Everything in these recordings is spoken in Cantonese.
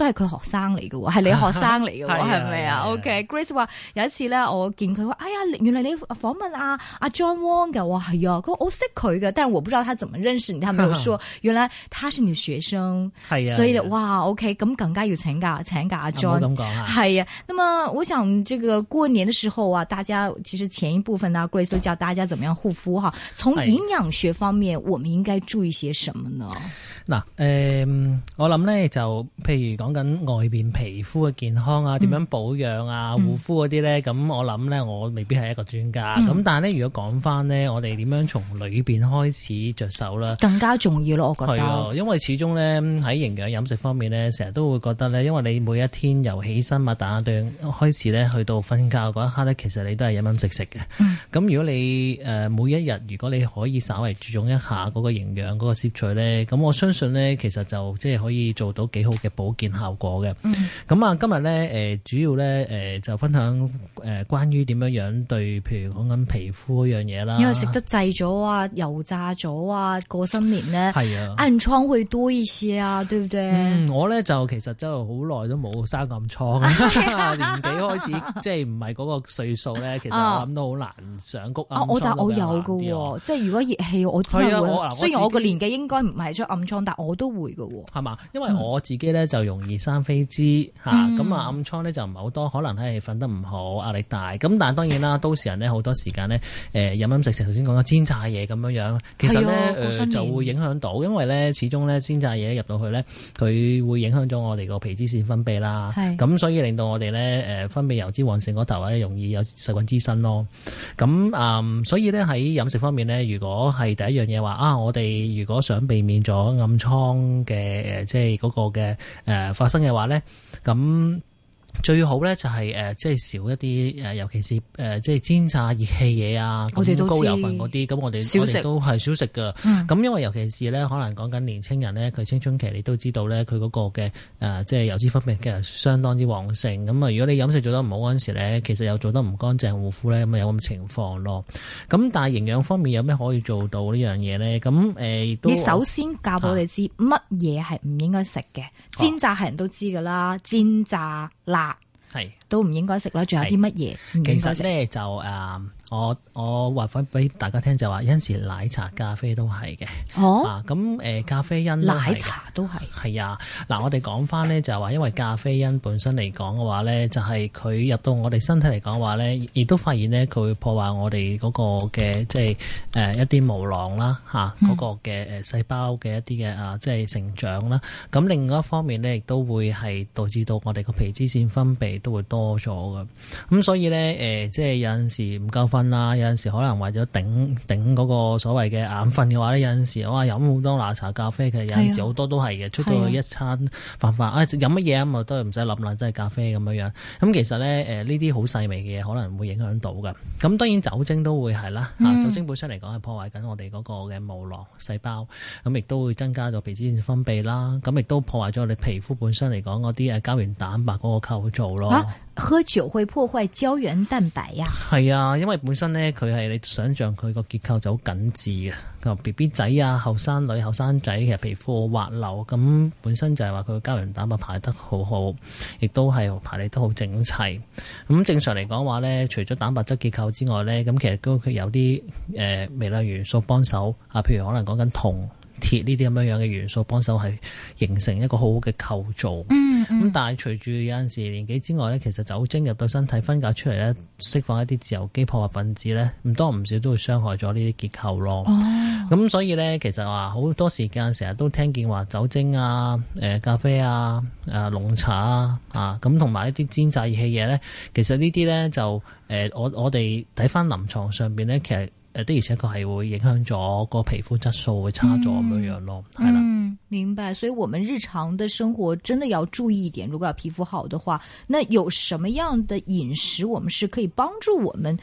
都係佢學生嚟嘅，係你學生嚟嘅，係咪啊？OK，Grace 話有一次呢，我見佢話，哎呀，原來你訪問阿阿 John Wong 嘅，哇，係啊，我識佢嘅，但係我不知道他怎麼認識你，他沒有說，原來他是你學生，係啊，所以哇，OK，咁更加要請架，請架阿 John，係啊。那麼我想，這個過年的時候啊，大家其實前一部分呢，Grace 都教大家怎麼樣護膚哈，從營養學方面，我們應該注意些什麼呢？嗱，誒，我諗咧就譬如講緊外邊皮膚嘅健康啊，點樣保養啊，護膚嗰啲咧，咁我諗咧我未必係一個專家，咁、嗯、但係咧如果講翻咧，我哋點樣從裏邊開始着手啦，更加重要咯，我覺得。係啊，因為始終咧喺營養飲食方面咧，成日都會覺得咧，因為你每一天由起身啊打盹開始咧，去到瞓覺嗰一刻咧，其實你都係飲飲食食嘅。咁、嗯、如果你誒每一日如果你可以稍微注重一下嗰個營養嗰個攝取咧，咁我相信。咧其實就即係可以做到幾好嘅保健效果嘅。咁啊，今日咧誒主要咧誒就分享誒關於點樣樣對譬如講緊皮膚嗰樣嘢啦。因為食得滯咗啊，油炸咗啊，過新年咧，係啊，暗瘡會多一啲啊，對唔對？嗯，我咧就其實真係好耐都冇生暗瘡，年紀開始即係唔係嗰個歲數咧，其實我諗都好難上谷啊。我就我有嘅喎，即係如果熱氣我真係會，所以我個年紀應該唔係出暗瘡。我都會嘅喎、哦，係嘛？因為我自己咧就容易生飛滋。嚇、嗯，咁啊暗瘡咧就唔係好多，可能係瞓得唔好、壓力大。咁但係當然啦，都市人咧好多時間咧，誒、呃、飲飲食食，頭先講嘅煎炸嘢咁樣樣，其實咧誒就會影響到，因為咧始終咧煎炸嘢入到去咧，佢會影響咗我哋個皮脂腺分泌啦。咁的，所以令到我哋咧誒分泌油脂旺盛嗰頭咧，容易有細菌滋生咯。咁啊、嗯嗯，所以咧喺飲食方面咧，如果係第一樣嘢話啊，我哋如果想避免咗嗯、暗瘡嘅，誒、呃，即係嗰個嘅，誒、呃，發生嘅話咧，咁。最好咧就係誒，即係少一啲誒，尤其是誒，即係煎炸熱氣嘢啊，咁高油份嗰啲。咁食我哋都係少食㗎。咁、嗯、因為尤其是咧，可能講緊年青人咧，佢青春期你都知道咧，佢嗰個嘅誒，即、呃、係、就是、油脂分泌其實相當之旺盛。咁啊，如果你飲食做得唔好嗰陣時咧，其實又做得唔乾淨護膚咧，咁咪有咁情況咯。咁但係營養方面有咩可以做到呢樣嘢咧？咁誒、呃、都你首先教我哋知乜嘢係唔應該食嘅、啊、煎炸係人都知㗎啦，煎炸辣，辣。都唔應該食啦，仲有啲乜嘢？其實咧，就誒。Uh 我我話翻俾大家聽就話、是，有陣時奶茶、咖啡都係嘅。哦。啊，咁誒，咖啡因奶茶都係。係啊，嗱，我哋講翻咧就係話，因為咖啡因本身嚟講嘅話咧，就係、是、佢入到我哋身體嚟講嘅話咧，亦都發現咧佢會破壞我哋個嘅即係誒一啲毛囊啦吓，個嘅誒細胞嘅一啲嘅啊，即、那、係、個、成長啦。咁、嗯、另外一方面咧，亦都會係導致到我哋個皮脂腺分泌都會多咗嘅，咁所以咧，誒、呃，即係有陣時唔夠瞓。啦，有陣時可能為咗頂頂嗰個所謂嘅眼瞓嘅話咧，有陣時哇飲好多奶茶咖啡。其實，有陣時好多都係嘅，啊、出咗去一餐飯飯啊飲乜嘢咁啊都唔使諗啦，即係咖啡咁樣樣。咁其實咧誒呢啲好細微嘅嘢，可能會影響到噶。咁當然酒精都會係啦、嗯啊，酒精本身嚟講係破壞緊我哋嗰個嘅毛囊細胞，咁亦都會增加咗皮脂腺分泌啦，咁亦都破壞咗我哋皮膚本身嚟講嗰啲誒膠原蛋白嗰個構造咯、啊。喝酒會破壞膠原蛋白呀、啊。係啊，因為。本身咧，佢係你想象佢個結構就好緊緻嘅。個 B B 仔啊，後生女、後生仔其實皮膚滑溜，咁本身就係話佢嘅膠原蛋白排得好好，亦都係排列得好整齊。咁正常嚟講話咧，除咗蛋白質結構之外咧，咁其實都有啲誒微量元素幫手啊，譬如可能講緊銅。鐵呢啲咁樣樣嘅元素幫手係形成一個好好嘅構造，咁、嗯嗯、但係隨住有陣時年紀之外咧，其實酒精入到身體分解出嚟咧，釋放一啲自由基破壞分子咧，唔多唔少都會傷害咗呢啲結構咯。咁、哦、所以咧，其實話好多時間成日都聽見話酒精啊、誒、呃、咖啡啊、誒、呃、濃茶啊，啊咁同埋一啲煎炸熱氣嘢咧，其實呢啲咧就誒、呃、我我哋睇翻臨床上邊咧，其實。的而且確係會影響咗個皮膚質素，會差咗咁樣樣咯，係啦、嗯。嗯。明白，所以我們日常的生活真的要注意一點。如果要皮膚好的話，那有什麼樣的飲食，我們是可以幫助我們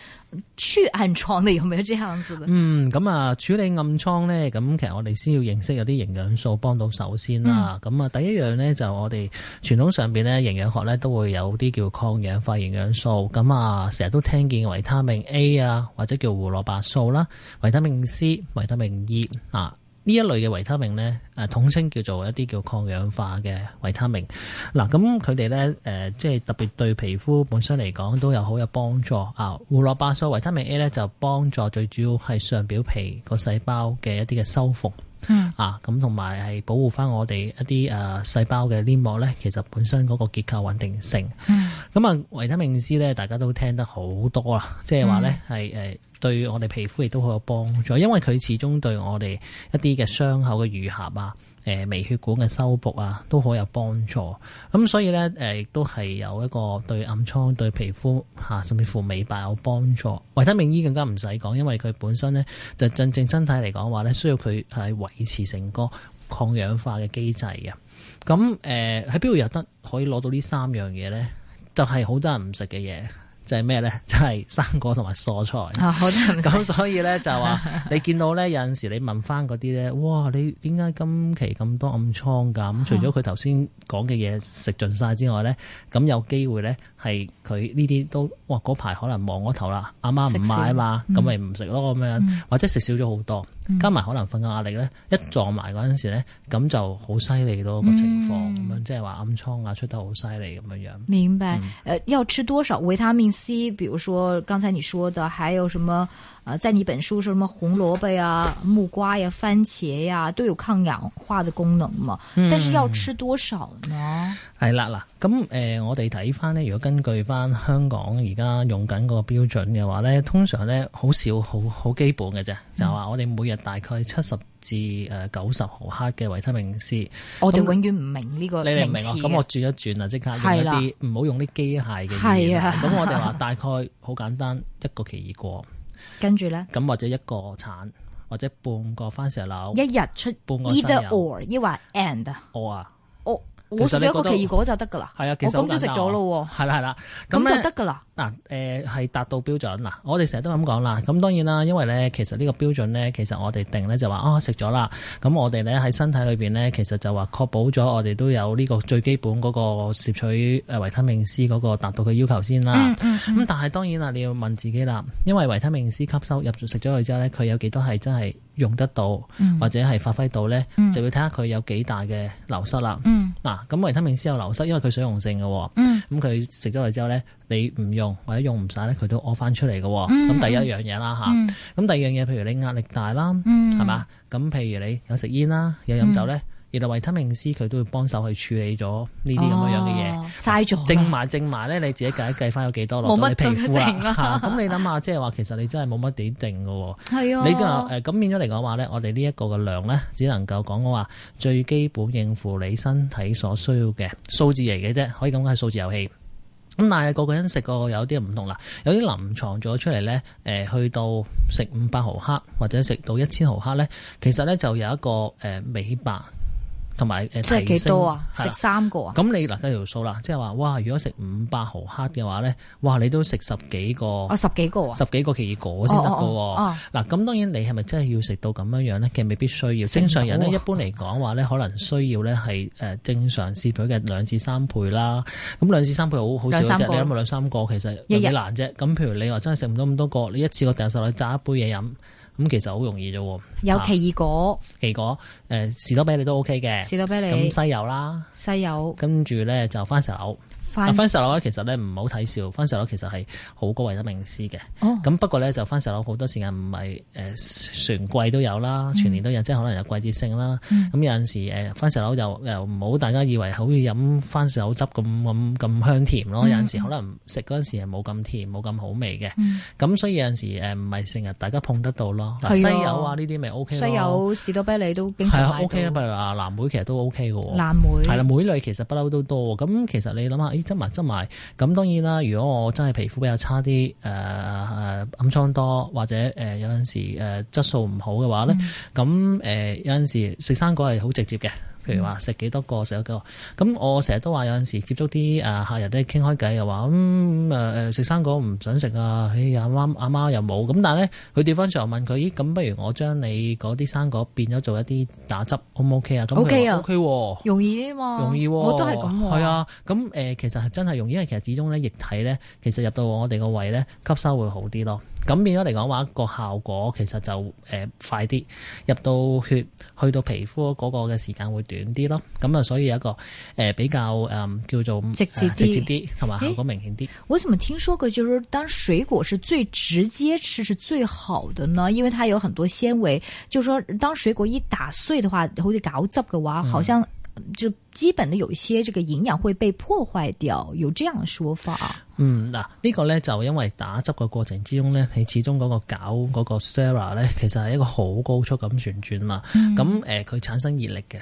去暗瘡的？有沒有這樣子的？嗯，咁啊，處理暗瘡呢？咁其實我哋先要認識有啲營養素幫到手先啦。咁啊、嗯，第一樣呢，就我哋傳統上邊呢，營養學呢都會有啲叫抗氧化營養素。咁啊，成日都聽見維他命 A 啊，或者叫胡蘿蔔素啦，維他命 C、維他命 E 啊。呢一類嘅維他命咧，誒統稱叫做一啲叫抗氧化嘅維他命。嗱、啊，咁佢哋咧，誒、呃、即係特別對皮膚本身嚟講都有好有幫助。啊，胡蘿蔔素維他命 A 咧就幫助最主要係上表皮個細胞嘅一啲嘅修復。嗯。啊，咁同埋係保護翻我哋一啲誒細胞嘅黏膜咧，其實本身嗰個結構穩定性。嗯。咁啊，維他命 C 咧，大家都聽得好多啦，即係話咧係誒。對我哋皮膚亦都好有幫助，因為佢始終對我哋一啲嘅傷口嘅愈合啊，誒、呃、微血管嘅修復啊，都好有幫助。咁、嗯、所以咧，誒、呃、亦都係有一個對暗瘡、對皮膚吓，甚至乎美白有幫助。維他命 E 更加唔使講，因為佢本身咧就真正，正身體嚟講話咧，需要佢係維持成個抗氧化嘅機制嘅。咁誒喺邊度有得可以攞到呢三樣嘢咧？就係、是、好多人唔食嘅嘢。就係咩咧？就係生果同埋蔬菜。咁所以咧就話，你見到咧有陣時，你問翻嗰啲咧，哇！你點解今期咁多暗瘡㗎？咁除咗佢頭先講嘅嘢食盡晒之外咧，咁有機會咧係佢呢啲都哇嗰排可能望咗頭啦，阿媽唔買嘛，咁咪唔食咯咁樣，或者食少咗好多。加埋可能瞓嘅壓力咧，嗯、一撞埋嗰陣時咧，咁就好犀利咯，個情況，咁樣、嗯、即係話暗瘡啊出得好犀利咁樣樣。明白。誒、嗯呃，要吃多少維他命 C？比如說，剛才你說的，還有什麼？啊、呃，在你本書什麼紅蘿蔔呀、啊、木瓜呀、啊、番茄呀、啊，都有抗氧化的功能嘛。但是要吃多少呢？嗯嗯係啦嗱，咁誒，我哋睇翻咧，如果根據翻香港而家用緊個標準嘅話咧，通常咧好少好好基本嘅啫，就係話我哋每日大概七十至誒九十毫克嘅維他命 C 我們 那。我哋永遠唔明呢個名詞，你明唔明啊？咁我轉一轉啊，即刻用一啲唔好用啲機械嘅嘢。啊的，咁我哋話大概好簡單， 一個奇異果，跟住咧，咁或者一個橙，或者半個番石榴，一日天出半個。Either or，亦或 and。我啊，我。我食咗個奇異果就得噶啦，係啊，我咁 就食咗咯，係啦係啦，咁就得噶啦。嗱，誒係達到標準嗱，我哋成日都咁講啦，咁當然啦，因為咧其實呢個標準咧，其實我哋定咧就話啊食咗啦，咁、哦、我哋咧喺身體裏邊咧，其實就話確保咗我哋都有呢個最基本嗰個攝取誒維他命 C 嗰個達到嘅要求先啦。咁、嗯嗯嗯、但係當然啦，你要問自己啦，因為維他命 C 吸收入食咗去之後咧，佢有幾多係真係用得到，嗯、或者係發揮到咧，嗯、就要睇下佢有幾大嘅流失啦。嗱、嗯咁維他命 C 有流失，因為佢水溶性嘅，咁佢食咗嚟之後咧，你唔用或者用唔晒咧，佢都屙翻出嚟嘅。咁、嗯、第一樣嘢啦吓，咁、嗯、第二樣嘢，譬如你壓力大啦，係嘛、嗯，咁譬如你有食煙啦，有飲酒咧。嗯原來維他命 C 佢都會幫手去處理咗呢啲咁樣嘅嘢，晒咗正埋正埋咧。你自己計一計，翻有幾多咯？落你皮膚啊？咁你諗下，即係話其實你真係冇乜點定噶。係啊，你就誒咁變咗嚟講話咧，我哋呢一個嘅量咧，只能夠講嘅話最基本應付你身體所需要嘅數字嚟嘅啫。可以咁講，係數字遊戲咁，但係個個人食個人有啲唔同啦。有啲臨床做咗出嚟咧，誒、呃，去到食五百毫克或者食到一千毫克咧，其實咧就有一個誒美白。同埋誒，即係幾多啊？食三個啊？咁你嗱，計條數啦，即係話哇，如果食五百毫克嘅話咧，哇，你都食十幾個啊、哦，十幾個啊，十幾個奇異果先得嘅喎。嗱、哦，咁、哦、當然你係咪真係要食到咁樣樣咧？其實未必需要。正常人咧，啊、一般嚟講話咧，可能需要咧係誒正常攝取嘅兩至三倍啦。咁兩至三倍好好少啫，你諗下兩三個其實有幾難啫。咁日譬如你話真係食唔到咁多個，你一次過掟曬落去榨一杯嘢飲。咁其實好容易啫喎，有奇異果，啊、奇異果，誒士多啤梨都 OK 嘅，士多啤梨，咁西柚啦，西柚，跟住咧就番石榴。番石榴咧，其實咧唔好睇笑，番石榴其實係好高維他命 C 嘅。咁不過咧，就番石榴好多時間唔係誒全季都有啦，全年都有，即係可能有季節性啦。咁有陣時誒番石榴又又唔好，大家以為好似飲番石榴汁咁咁咁香甜咯。有陣時可能食嗰陣時係冇咁甜，冇咁好味嘅。咁所以有陣時誒唔係成日大家碰得到咯。西柚啊呢啲咪 O K 咯。西柚士多啤梨都係啊 O K 啦，譬如藍莓其實都 O K 嘅喎。藍莓係啦，莓類其實不嬲都多。咁其實你諗下，執埋執埋，咁當然啦。如果我真係皮膚比較差啲，誒、呃、暗瘡多或者誒、呃、有陣時誒質素唔好嘅話咧，咁誒、嗯呃、有陣時食生果係好直接嘅。譬如話食幾多個食咗幾多個咁，我成日都話有陣時接觸啲誒客人咧傾開偈又話咁誒誒食生果唔想食啊，阿媽阿媽又冇咁，但係咧佢掉翻上又問佢咦咁不如我將你嗰啲生果變咗做一啲打汁，O 唔 O K 啊？咁 okay, OK 啊？OK，容易啊？容易我都係咁係啊。咁誒、啊啊呃，其實係真係容易，因為其實始終咧液體咧，其實入到我哋個胃咧吸收會好啲咯。咁變咗嚟講，話個效果其實就誒快啲入到血，去到皮膚嗰個嘅時間會短啲咯，咁啊所以有一個誒比較誒、呃、叫做直接啲，同埋、啊、效果明顯啲、欸。我怎麼聽說過，就是當水果是最直接吃是最好的呢？因為它有很多纖維，就是說當水果一打碎的話，好似搞汁嘅話，好像、嗯。就基本的有一些這個營養會被破壞掉，有這樣說法。嗯，嗱、這個，呢個咧就因為打汁嘅過程之中咧，你始終嗰個攪嗰、那個 stirrer 咧，其實係一個好高速咁旋轉嘛。咁誒、嗯，佢產生熱力嘅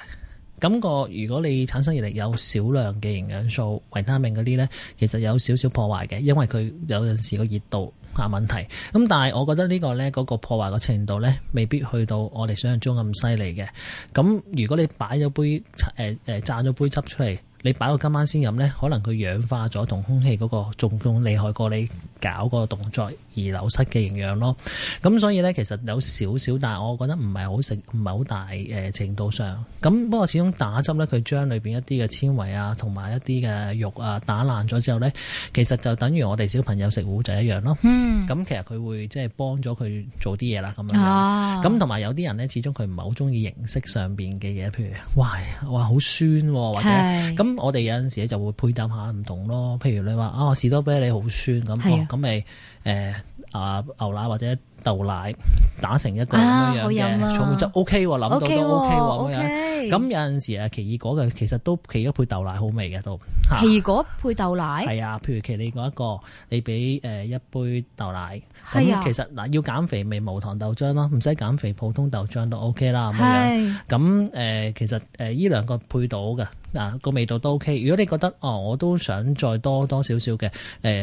感覺。如果你產生熱力，有少量嘅營養素、維他命嗰啲咧，其實有少少破壞嘅，因為佢有陣時個熱度。下問題，咁，但係我覺得呢個呢，嗰，那個破壞嘅程度呢，未必去到我哋想象中咁犀利嘅。咁如果你擺咗杯誒誒、呃、榨咗杯汁出嚟，你擺到今晚先飲呢，可能佢氧化咗同空氣嗰個仲仲厲害過你，搞個動作而流失嘅營養咯，咁所以咧其實有少少，但係我覺得唔係好食，唔係好大誒程度上。咁不過始終打汁咧，佢將裏邊一啲嘅纖維啊，同埋一啲嘅肉啊打爛咗之後咧，其實就等於我哋小朋友食糊仔一樣咯。嗯，咁其實佢會即係幫咗佢做啲嘢啦咁樣。哦，咁同埋有啲人咧，始終佢唔係好中意形式上邊嘅嘢，譬如哇哇好酸、啊，或者咁是我哋有陣時就會配搭下唔同咯，譬如你話啊士多啤梨好酸咁。咁咪誒啊牛腩或者， 豆奶打成一個咁樣樣嘅草莓汁，OK 喎、啊，諗到都 OK 喎、啊、咁 OK 樣。咁有陣時啊奇異果嘅其實都奇異一配豆奶好味嘅都。奇異果配豆奶？係啊，譬如奇異果一個，你俾誒一杯豆奶，咁呀其實嗱要減肥咪無糖豆漿咯，唔使減肥普通豆漿都 OK 啦咁是樣。咁誒其實誒呢兩個配到嘅嗱個味道都 OK。如果你覺得哦我都想再多多少少嘅誒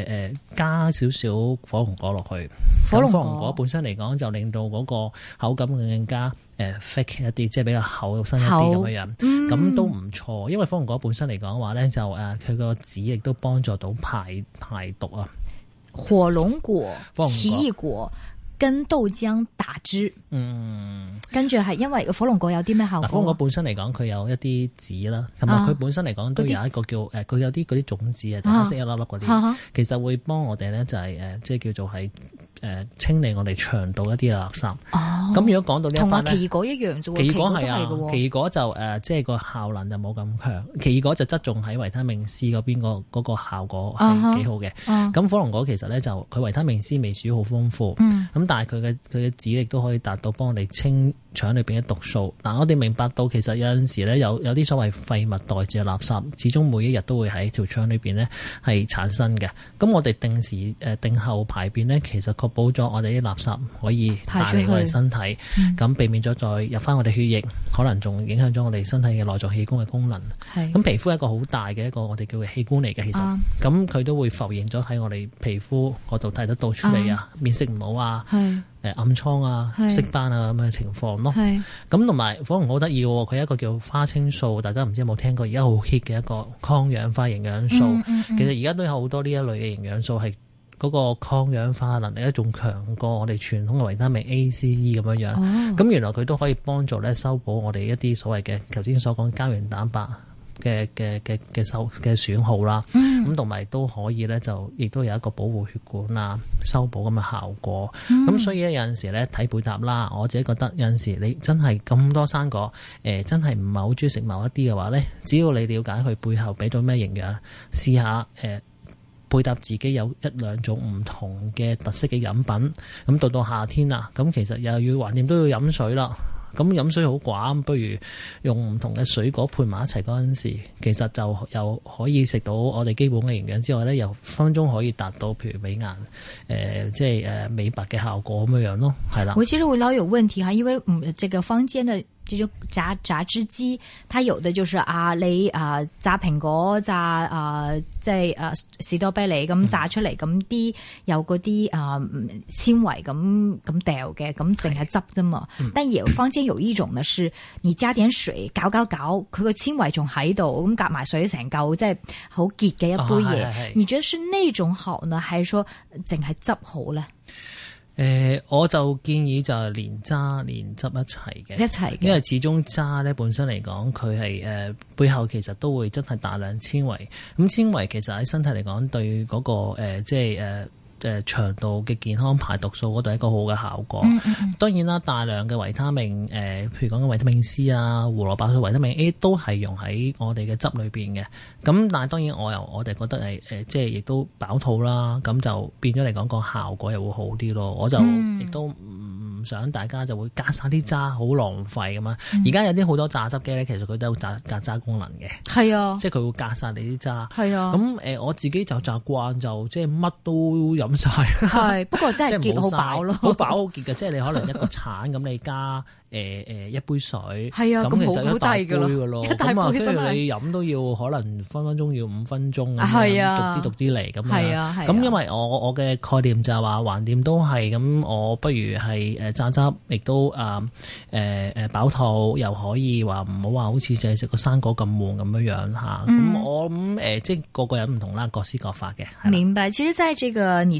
誒加少少火龍果落去，火龍果。本身嚟講就令到嗰個口感更加誒 fake 一啲，即係比較厚身一啲咁嘅樣，咁都唔錯。因為火龍果本身嚟講嘅話咧就誒，佢個籽亦都幫助到排排毒啊。火龍果奇異果。跟豆漿打珠，嗯，跟住係因為火龍果有啲咩效果？火龍果本身嚟講，佢有一啲籽啦，同埋佢本身嚟講都有一個叫誒，佢有啲嗰啲種子啊，黑色一粒粒嗰啲，其實會幫我哋咧就係誒，即係叫做係誒清理我哋腸道一啲垃圾。哦，咁如果講到呢一 part 同埋奇異果一樣啫喎，奇異果係啊，奇異果就誒，即係個效能就冇咁強，奇異果就側重喺維他命 C 嗰邊個嗰個效果係幾好嘅。咁火龍果其實咧就佢維他命 C 微主好豐富。嗯。咁但係佢嘅佢嘅指力都可以達到幫你清，腸裏邊嘅毒素，嗱我哋明白到其實有陣時咧有有啲所謂廢物代謝嘅垃圾，始終每一日都會喺條腸裏邊咧係產生嘅。咁我哋定時誒、呃、定後排便咧，其實確保咗我哋啲垃圾可以帶嚟我哋身體，咁、嗯、避免咗再入翻我哋血液，可能仲影響咗我哋身體嘅內臟器官嘅功能。係咁是，皮膚係一個好大嘅一個我哋叫做器官嚟嘅，其實咁佢、啊、都會浮現咗喺我哋皮膚嗰度睇得到出嚟啊，面色唔好啊。誒，暗瘡啊、色斑啊咁嘅是情況咯，咁同埋火龍好得意喎，佢有一個叫花青素，大家唔知有冇聽過？而家好 hit 嘅一個抗氧化營養素。嗯嗯嗯、其實而家都有好多呢一類嘅營養素係嗰個抗氧化能力一仲強過我哋傳統嘅維他命 A、C、E 咁樣樣。咁、哦、原來佢都可以幫助咧修補我哋一啲所謂嘅頭先所講膠原蛋白，嘅嘅嘅嘅修嘅損耗啦，咁同埋都可以咧，就亦都有一個保護血管啊、修補咁嘅效果。咁、mm. 所以咧，有陣時咧睇配搭啦，我自己覺得有陣時你真係咁多生果，誒、呃、真係唔係好中意食某一啲嘅話咧，只要你瞭解佢背後俾到咩營養，試下誒、呃、配搭自己有一兩種唔同嘅特色嘅飲品。咁到到夏天啦，咁其實又要橫掂都要飲水啦。咁飲水好寡，不如用唔同嘅水果配埋一齊嗰陣時，其實就又可以食到我哋基本嘅營養之外咧，又分分鐘可以達到譬如美顏，誒、呃、即係誒美白嘅效果咁樣樣咯，係啦。我其實會老有問題哈，因為唔，即個坊間嘅。這種榨榨汁機，它有的就是啊你啊榨蘋果榨啊即係啊士多啤梨咁榨出嚟咁啲有嗰啲啊纖維咁咁，掉嘅咁淨係汁啫嘛。嗯、但而坊間有一種呢，是你加點水攪攪攪，佢個纖維仲喺度，咁夾埋水成嚿，即係好結嘅一杯嘢。哦、你覺得是呢種好呢，還是說淨係汁好呢？誒、呃、我就建議就係連渣連汁一,一齊嘅，一齊因為始終渣咧本身嚟講，佢係誒背後其實都會真係大量纖維，咁纖維其實喺身體嚟講對嗰、嗰個、呃、即係誒。呃嘅腸道嘅健康排毒素嗰度係一個好嘅效果。嗯嗯、當然啦，大量嘅維他命，誒、呃，譬如講維他命 C 啊、胡蘿蔔素、維他命 A 都係用喺我哋嘅汁裏邊嘅。咁但係當然，我又我哋覺得係誒，即係亦都飽肚啦。咁就變咗嚟講個效果又會好啲咯。嗯、我就亦都唔想大家就會隔晒啲渣，好浪費咁嘛。而家有啲好多榨汁機咧，其實佢都有榨榨渣功能嘅。係、嗯、啊，即係佢會榨晒你啲渣。係啊、so。咁誒 at，我自己就習慣就即係乜都飲。咁就係不過真係 好飽咯，好飽好，好飽好結噶。即係你可能一個橙咁， 你加誒誒一杯水，係啊，咁其實好大杯噶咯，一大杯真係。你飲都要可能分分鐘要五分鐘咁樣，逐啲逐啲嚟咁樣。啊，咁、啊啊、因為我我嘅概念就係話，橫掂都係咁，我不如係誒榨汁，亦都啊誒誒飽肚，又可以話唔好話好似淨係食個生果咁悶咁、嗯、樣樣嚇。咁我咁誒，即係個個人唔同啦，各施各法嘅。明白。其實，在這個你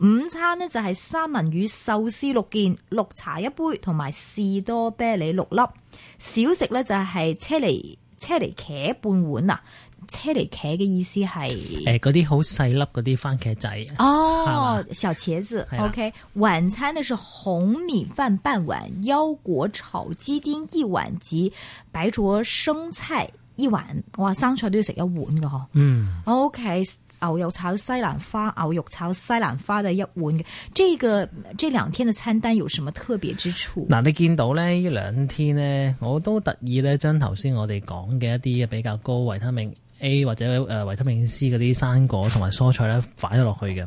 午餐呢就係三文魚壽司六件、綠茶一杯同埋士多啤梨六粒。小食呢就係車厘車厘茄半碗啊，車厘茄嘅意思係誒嗰啲好細粒嗰啲番茄仔。哦，吧小茄子。吧 OK，晚餐呢是紅米飯半碗、腰果炒雞丁一碗及白灼生菜。一碗，我話生菜都要食一碗噶嗬。嗯，OK，牛肉炒西蘭花，牛肉炒西蘭花就係一碗嘅。呢個呢兩天嘅餐單有什麼特別之處？嗱、呃，你見到咧呢兩天呢，我都特意咧將頭先我哋講嘅一啲比較高維他命 A 或者誒維他命 C 嗰啲生果同埋蔬菜咧擺咗落去嘅，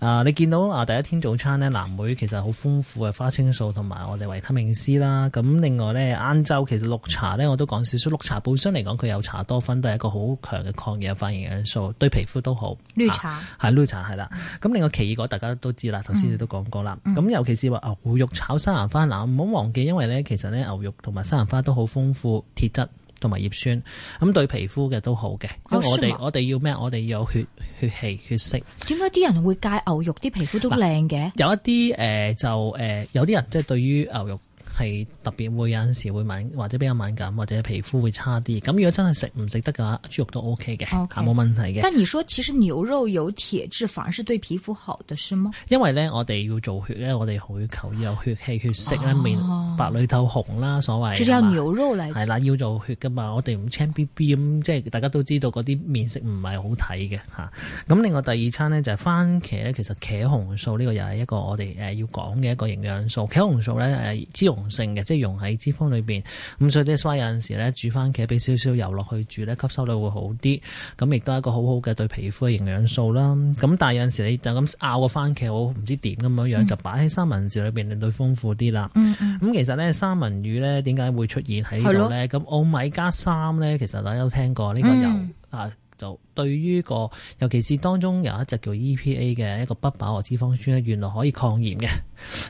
啊、呃、你見到啊第一天早餐呢，藍莓其實好豐富嘅花青素同埋我哋維他命 C 啦，咁另外呢，晏晝其實綠茶呢，我都講少少，綠茶本身嚟講佢有茶多酚，都係一個好強嘅抗氧化營養素，對皮膚都好。綠茶係綠、啊、茶係啦，咁、嗯、另外奇異果大家都知啦，頭先你都講過啦，咁、嗯嗯、尤其是話牛肉炒西蘭花，嗱唔好忘記，因為呢其實呢，牛肉同埋西蘭花都好豐富鐵質。同埋葉酸，咁對皮膚嘅都好嘅、哦。因為我哋我哋要咩？我哋要有血血氣血色。點解啲人會戒牛肉？啲皮膚都靚嘅。有一啲誒、呃、就誒、呃、有啲人即係、就是、對於牛肉。係特別會有陣時會敏或者比較敏感，或者皮膚會差啲。咁如果真係食唔食得嘅豬肉都 O K 嘅，冇 Okay. 問題嘅。但你說，其實牛肉有鐵質，反而是對皮膚好嘅，是嗎？因為咧，我哋要做血咧，我哋好求要有血氣、血色啦，啊、面白裏透紅啦，所謂。就要牛肉嚟。係啦，要做血噶嘛，我哋咁青 B B 咁，即係大家都知道嗰啲面色唔係好睇嘅吓。咁、啊、另外第二餐呢，就係番茄咧，其實茄紅素呢、這個又係一個我哋誒要講嘅一個營養素。茄紅素咧誒，之紅。成嘅，即係溶喺脂肪裏邊。咁所以啲沙有陣時咧，煮番茄俾少少油落去煮咧，吸收率會好啲。咁亦都一個好好嘅對皮膚嘅營養素啦。咁但係有陣時你就咁咬個番茄，我唔知點咁樣樣，嗯、就擺喺三文治裏邊，相對豐富啲啦。咁、嗯嗯、其實咧，三文魚咧，點解會出現喺呢度咧？咁歐的、哦、米加三咧，其實大家都聽過呢、這個油、嗯、啊，就。對於個尤其是當中有一隻叫 EPA 嘅一個不飽和脂肪酸咧，原來可以抗炎嘅，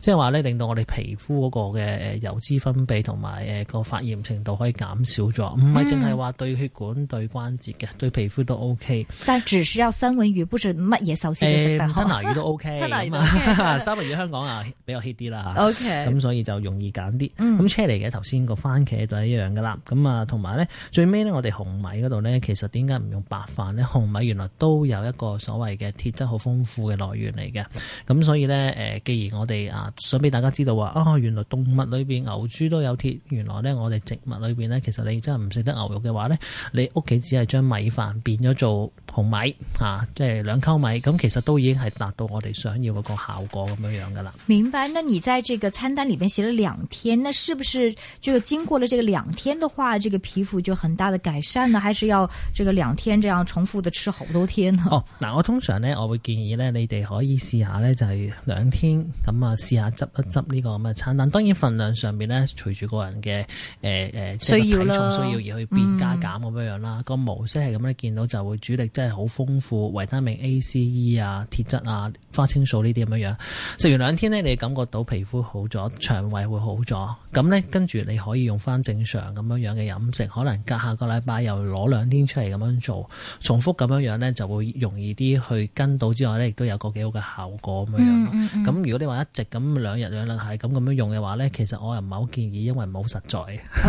即係話咧令到我哋皮膚嗰個嘅誒油脂分泌同埋誒個發炎程度可以減少咗，唔係淨係話對血管對關節嘅，對皮膚都 OK。但係只需要三文魚，不如乜嘢壽司都食得。吞拿魚都 OK，吞拿魚啊， 三文魚香港啊比較 hit 啲啦。OK，咁所以就容易揀啲。咁車嚟嘅頭先個番茄就一樣噶啦。咁啊，同埋咧最尾咧我哋紅米嗰度咧，其實點解唔用白飯？啲紅米原來都有一個所謂嘅鐵質好豐富嘅來源嚟嘅，咁所以呢，誒，既然我哋啊想俾大家知道話，啊、哦、原來動物裏邊牛豬都有鐵，原來呢，我哋植物裏邊呢，其實你真係唔食得牛肉嘅話呢，你屋企只係將米飯變咗做紅米嚇、啊，即係兩溝米，咁其實都已經係達到我哋想要嗰個效果咁樣樣噶啦。明白？那你在這個餐單裏邊寫了兩天，那是不是就經過了這個兩天的話，這個皮膚就很大的改善呢？還是要這個兩天這樣重？重複地吃好多天哦。嗱，我通常咧，我會建議咧，你哋可以試下咧，就係兩天咁啊，試下執一執呢個咁嘅餐單。當然份量上面咧，隨住個人嘅誒誒需要啦，呃呃呃，這個體重需要而去變加減咁樣樣啦。個、嗯、模式係咁咧，你見到就會主力真係好豐富，維他命 A、C、E 啊，鐵質啊，花青素呢啲咁樣樣。食完兩天咧，你感覺到皮膚好咗，腸胃會好咗。咁咧跟住你可以用翻正常咁樣樣嘅飲食。可能隔下個禮拜又攞兩天出嚟咁樣做。重複咁樣樣咧，就會容易啲去跟到之外咧，亦都有個幾好嘅效果咁樣。咁、嗯嗯嗯、如果你話一直咁兩日兩日係咁咁樣用嘅話咧，其實我又唔係好建議，因為唔係好實在。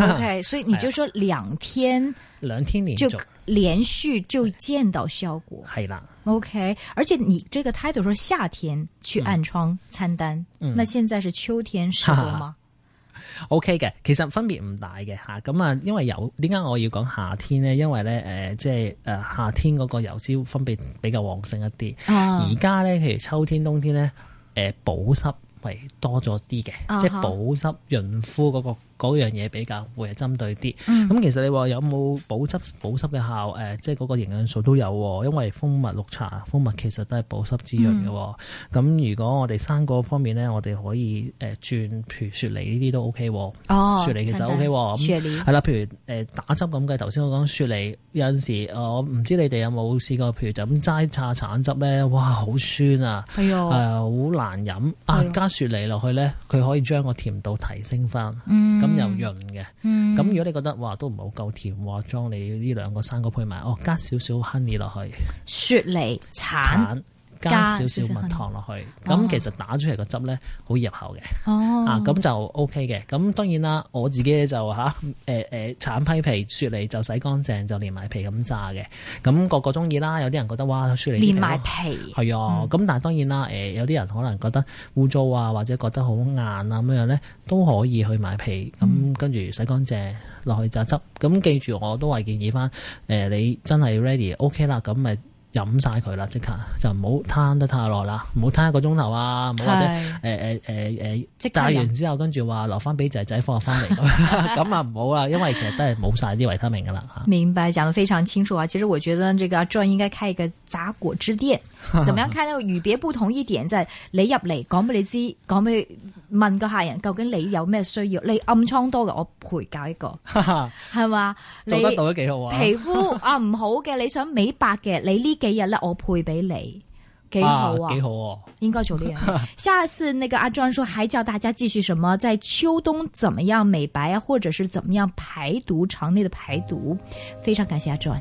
o、okay, K，所以你就說兩天，兩 天連續連續就見到效果，係啦了。O、okay, K，而且你這個 title 說夏天去暗瘡餐單，嗯、那現在是秋天適合嗎？ O.K. 嘅，其實分別唔大嘅嚇，咁啊，因為油點解我要講夏天咧？因為咧誒、呃，即係誒、呃、夏天嗰個油脂分泌比較旺盛一啲，而家咧譬如秋天、冬天咧誒、呃、保濕係多咗啲嘅。啊、哈即係保濕潤膚嗰、那個。嗰樣嘢比較會係針對啲，咁、嗯、其實你話有冇補濕補濕嘅效？誒、呃，即係嗰個營養素都有喎，因為蜂蜜綠茶蜂蜜其實都係補濕滋潤嘅。咁、嗯、如果我哋生果方面咧，我哋可以誒轉譬如雪梨呢啲都 OK 喎。哦，雪梨其實 OK 喎，係啦，譬如誒打汁咁嘅，頭先我講雪梨有陣時，我唔知你哋有冇試過，譬如就咁齋榨橙汁咧，哇，好酸啊，係啊的，好、呃、難飲。的啊，加雪梨落去咧，佢可以將個甜度提升翻。嗯嗯又潤嘅，咁、嗯嗯、如果你覺得哇都唔好夠甜喎，裝你呢兩個生果配埋，哦，加少少 honey 落去，雪梨橙。橙加少少蜜糖落去，咁、哦、其實打出嚟個汁咧好易入口嘅，哦、啊咁就 OK 嘅。咁當然啦，我自己咧就嚇誒誒橙批皮，皮，雪梨就洗乾淨就連埋皮咁炸嘅。咁、那個個中意啦，有啲人覺得哇雪梨連埋皮係啊。咁、啊嗯、但係當然啦，誒有啲人可能覺得污糟啊，或者覺得好硬啊咁樣咧都可以去埋皮咁，跟住洗乾淨落去榨汁。咁記住我都係建議翻誒、呃、你真係 ready OK 啦，咁咪。飲晒佢啦，即刻就唔好攤得太耐啦，唔好攤一個鐘頭啊，唔好的或者誒誒誒誒，即、呃、榨、呃呃、完之後跟住話留翻俾仔仔放學翻嚟咁，咁啊唔好啦，因為其實都係冇晒啲維他命噶啦吓。明白，講得非常清楚啊！其實我覺得呢個阿 John 應該開一個榨果汁店， 怎麼樣開呢？與別不同一點就係、是、你入嚟講俾你知，講俾。問個客人，究竟你有咩需要？你暗瘡多嘅，我陪教一個，係咪 吧？做得到都幾好啊！皮膚啊唔好嘅，你想美白嘅，你呢幾日咧我配俾你，幾好啊？啊幾好啊？應該做呢樣？ 下一次那個阿俊說，還教大家繼續什麼，在秋冬怎麼樣美白啊，或者是怎麼樣排毒腸內的排毒？非常感謝阿俊。